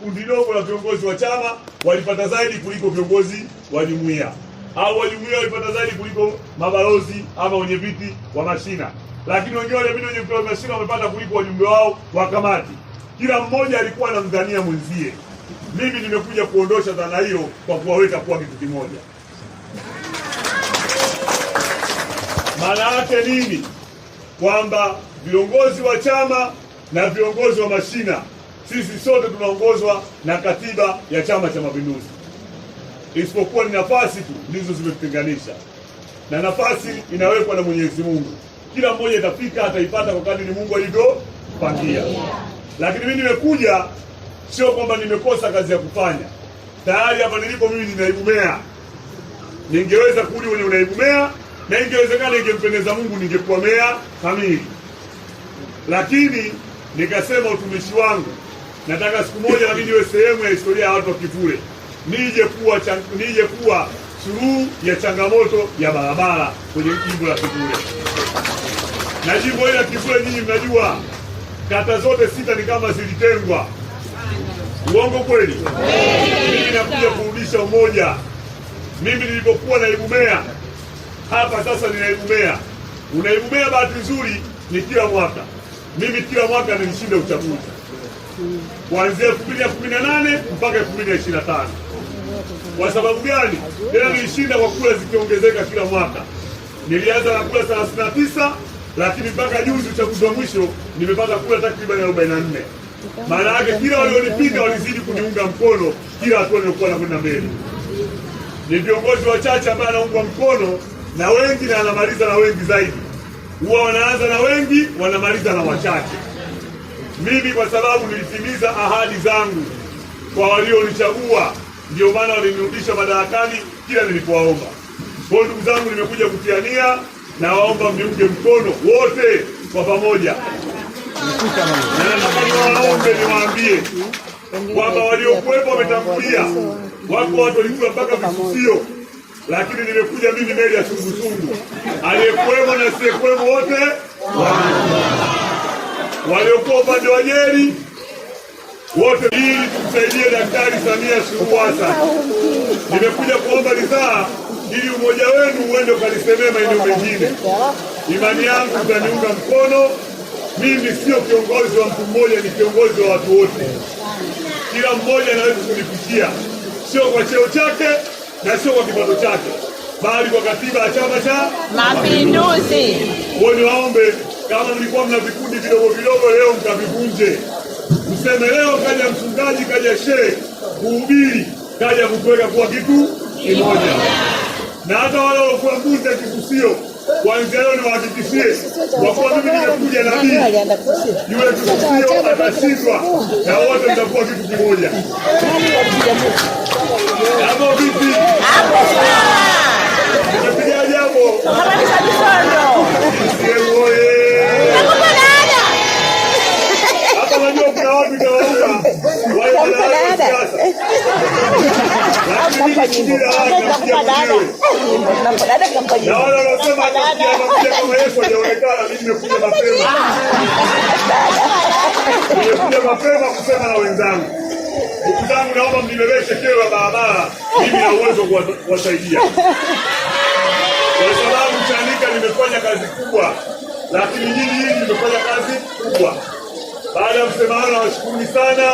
Kundi dogo la viongozi wa chama walipata zaidi kuliko viongozi wa jumuiya, au wa jumuiya walipata zaidi kuliko mabalozi ama wenye viti wa mashina, lakini wengine wale vile wenye viti wa mashina wamepata kuliko wajumbe wao wa kamati. Kila mmoja alikuwa anamdhania mwenzie. Mimi nimekuja kuondosha dhana hiyo kwa kuwaweka kuwa kitu kimoja. Maana yake nini? Kwamba viongozi wa chama na viongozi wa mashina sisi sote tunaongozwa na katiba ya Chama cha Mapinduzi, isipokuwa ni nafasi tu ndizo zimetutenganisha, na nafasi inawekwa na Mwenyezi Mungu. Kila mmoja itafika ataipata kwa ni Mungu alivyopangia. Lakini mimi nimekuja, sio kwamba nimekosa kazi ya kufanya. Tayari hapa nilipo mimi ni naibu meya, ningeweza kurudi kwenye unaibu meya na ingewezekana, ingempendeza Mungu ningekuwa meya kamili, lakini nikasema utumishi wangu Nataka siku moja nami niwe sehemu ya historia ya watu wa Kivule, nije kuwa nije kuwa suluhu ya changamoto ya barabara kwenye jimbo la Kivule na jimbo hili la Kivule. Nyinyi mnajua kata zote sita ni kama zilitengwa. Uongo kweli? Mimi nakuja kurudisha umoja. Mimi nilipokuwa naibu meya hapa, sasa ni naibu meya. Unaibu meya bahati nzuri ni kila mwaka, mimi kila mwaka nilishinda uchaguzi kuanzia elfu mbili na kumi na nane mpaka elfu mbili na ishirini na tano Kwa sababu gani? Ela nilishinda kwa kura zikiongezeka kila mwaka. Nilianza na kura thelathini na tisa lakini mpaka juzi uchaguzi wa mwisho nimepata kura takribani arobaini na nne maana yake kila walionipiga walizidi kuniunga mkono kila hatua niliokuwa nakwenda mbele. Ni viongozi wachache ambaye anaungwa mkono na wengi na anamaliza na wengi zaidi. Huwa wanaanza na wengi, wanamaliza na wachache. Mimi kwa sababu nilitimiza ahadi zangu kwa walionichagua, ndio maana walinirudisha madarakani kila nilipowaomba. Kwa ndugu zangu, nimekuja kutiania na waomba mniunge mkono wote kwa pamoja, niwaombe, niwaambie kwamba waliokuwepo wametangulia, wako watu walikuwa mpaka visusio, lakini nimekuja mimi meli ya sungusungu, aliyekuwemo na asiyekuwemo wote waliokuwa upande wa jeri wote, ili tumsaidie Daktari Samia Suluhu Hassan. Nimekuja kuomba ridhaa ili umoja wenu uende ukalisemee maeneo mengine. Imani yangu mtaniunga mkono. Mimi sio kiongozi wa mtu mmoja, ni kiongozi wa watu wote. Kila mmoja anaweza kunipitia, sio kwa cheo chake na sio kwa kipato chake, bali kwa katiba ya Chama cha Mapinduzi. Wao waombe kama mlikuwa mna vikundi vidogo vidogo, leo mtavivunje. Mseme leo kaja mchungaji, kaja shehe kuhubiri, kaja kutuweka kuwa kitu kimoja. Na hata wale waliokuwa ya kikusio, kwanzia leo niwahakikishie, kwa kuwa mimi nimekuja nabii, yule kikusio atashindwa na wote mtakuwa kitu kimoja. Hapo vipi? nimekuja mapema kusema na wenzangu. Ndugu zangu, naomba mnibebeshe kero ya barabara, mimi na uwezo kuwasaidia, kwa sababu Chanika nimefanya kazi kubwa, lakini nyinyi hili nimefanya kazi kubwa. Baada ya msemano, nawashukuruni sana.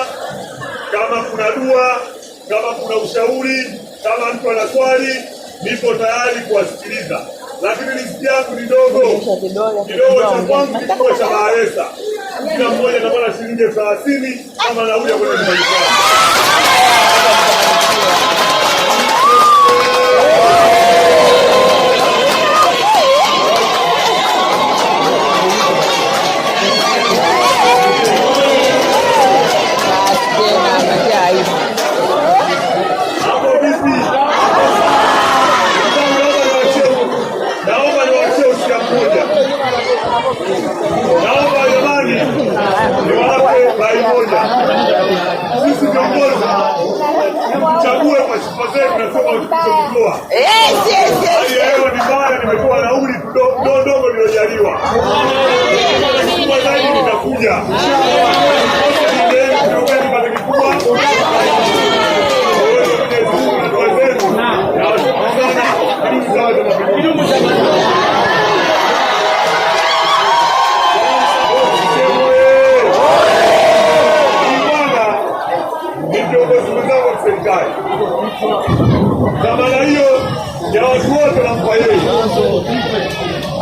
Kama kuna dua, kama kuna ushauri, kama mtu ana swali nipo tayari kuwasikiliza, lakini riziki yangu ni dogo kidogo. Cha kwangu kikubwa cha Bahresa, kila mmoja anapata shilingi elfu thelathini kama nauli ya kwenda nyumbani kwao. Esse, esse, esse!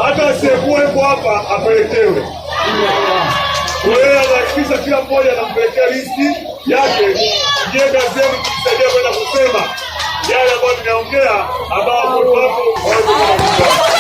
hata asiyekuwepo hapa apelekewe. Wewe anahakikisha kila mmoja anampelekea listi yake, ndiye kazi yenu kwenda kusema yale ambayo tunaongea, ambao watoto wako waweze kuaa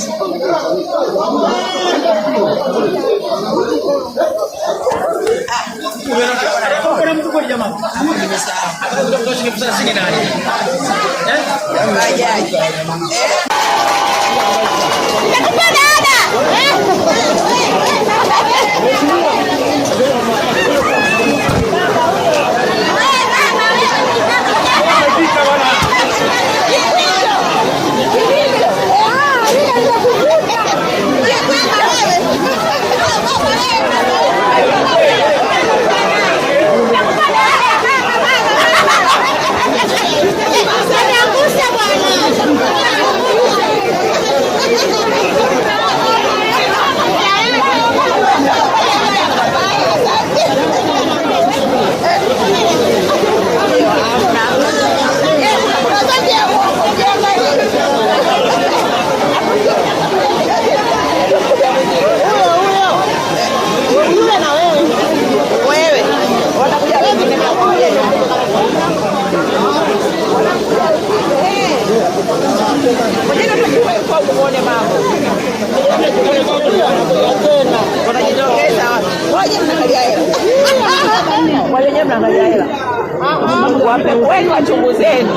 Aku pada ada. wape kweli wachunguzeni.